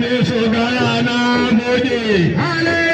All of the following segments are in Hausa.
ne so gaya na gode.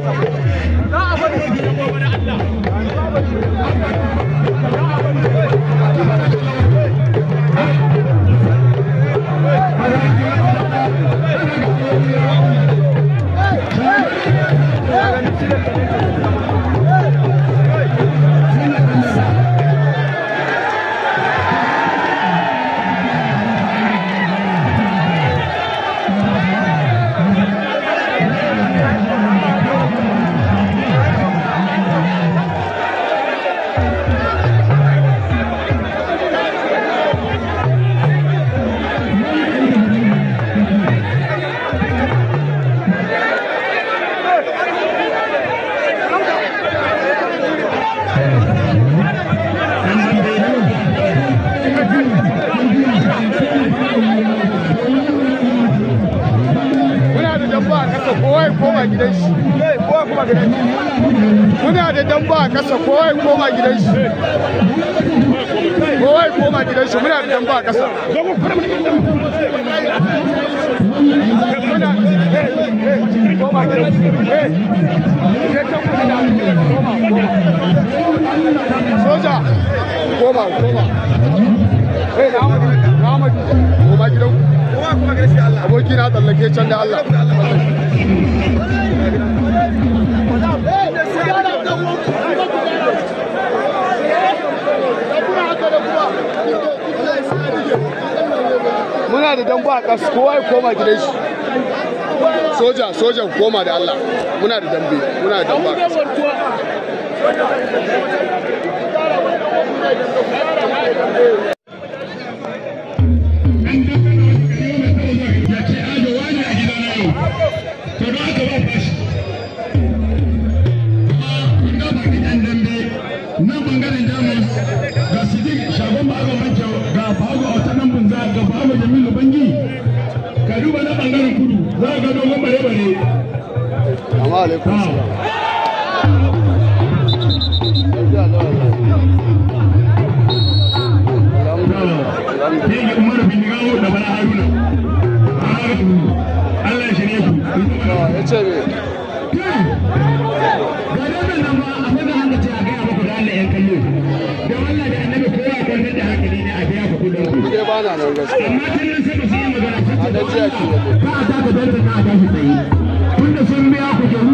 za a bari Allah gidan shi kowa kuma gidan muna da damba a kasa? kowa ya koma gidan kowa ya koma gidan muna da a ƙasa soja koma koma hey na na koma aboki na tsallake can da Allah muna da dambu a ƙasa kowa ya koma gidan shi soja soja koma da Allah muna da dambe muna da dambu a alaikum ya a ku na a sun biya ku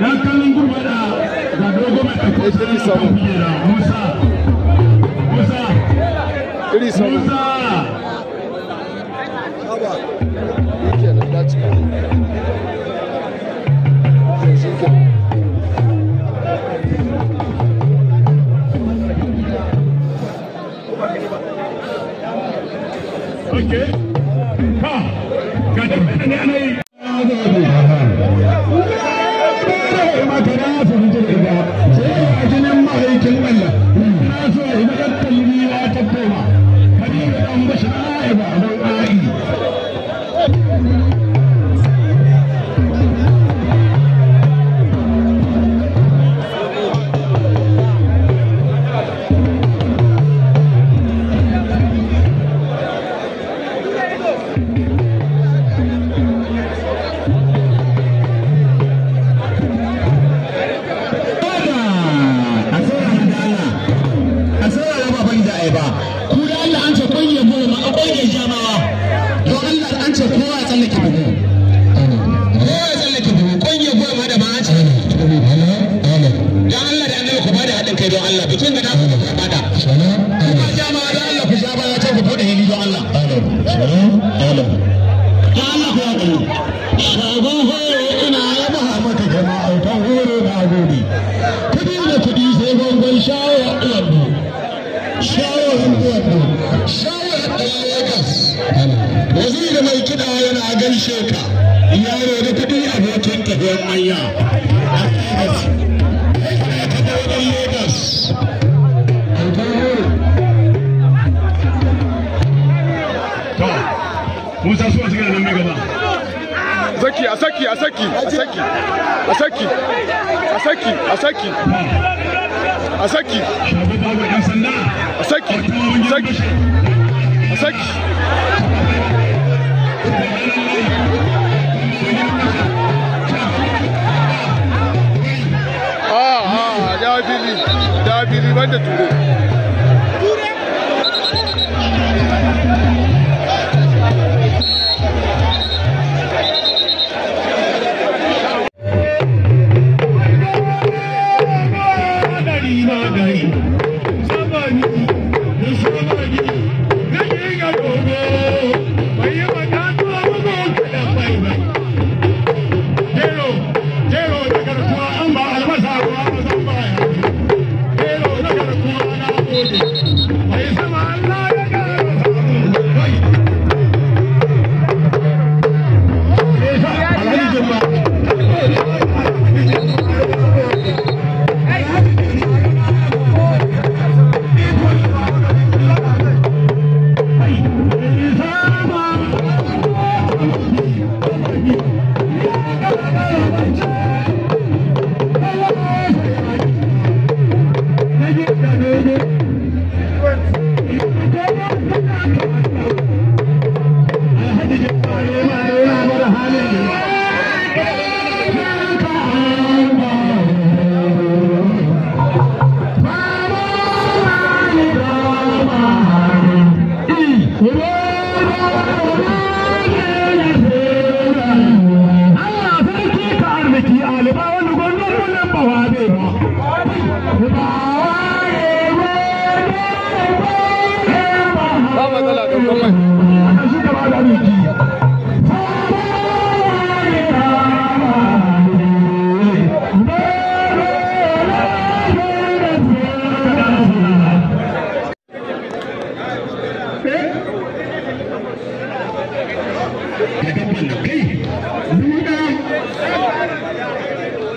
dan kallon gurba da da musa Amen. Olha que bonito. gaishe ka yaro da kuɗi abokin tafiyar manya Musa suwa suka nan mai gaba. saki a saki a saki a saki a saki a saki a saki a saki a saki a saki a saki Ah, ah, da bili, da bili banda turo.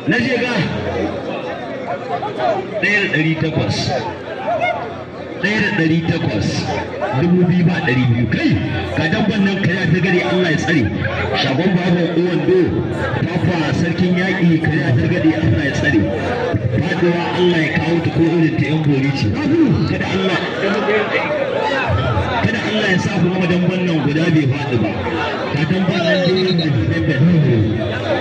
na je ga ɗaya da ɗari takwas ɗaya da ɗari takwas dubu biyu ba ɗari biyu kai ka dabban nan ka yafi gari Allah ya tsare shagon babu kowando fafa sarkin yaƙi ka yafi gari Allah ya tsare faɗuwa Allah ya kawo ta ko irin ta yan bori ce kada Allah kada Allah ya sa kuma madan nan guda bai faɗi ba ka dan ba nan dole ga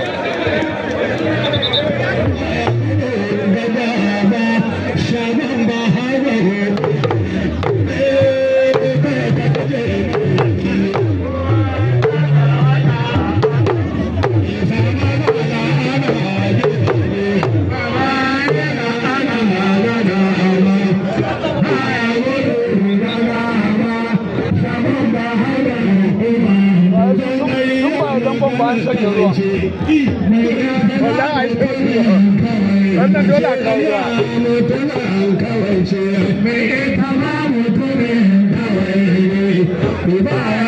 wannan dole a kawo kawai ce ita mutumin kawai ne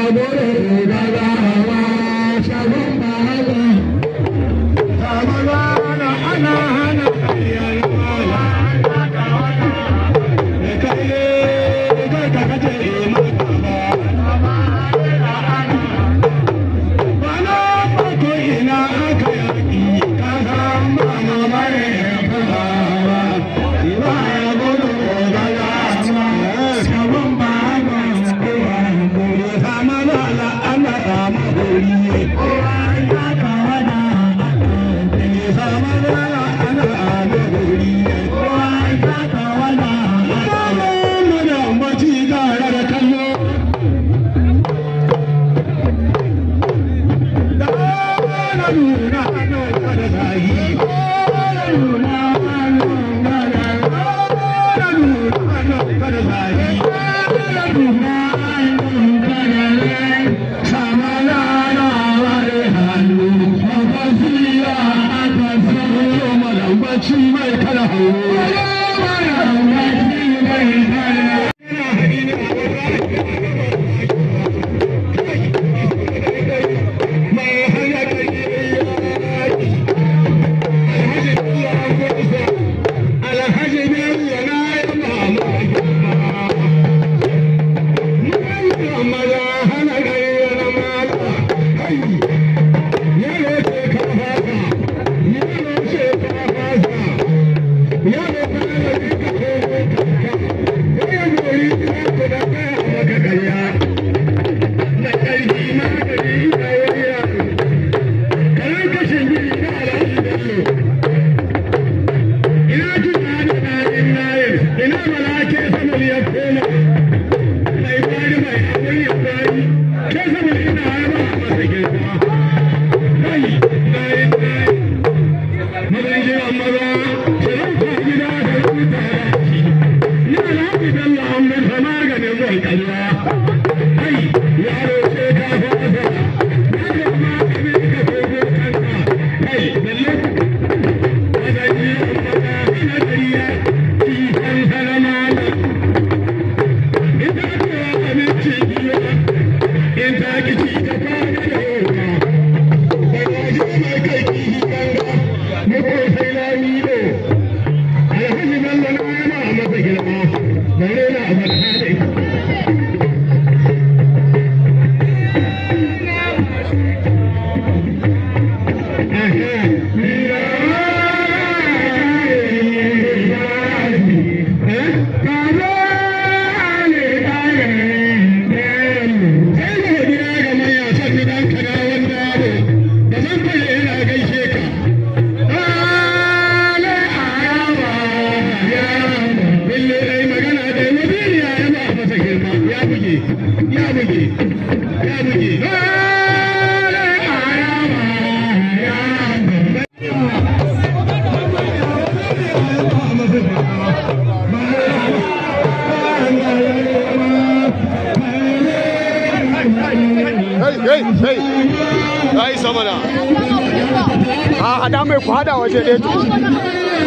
hada mai ku hada waje ɗaya to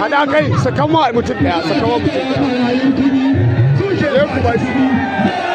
hada kai sakawa mutum ɗaya sakawa mutum ɗaya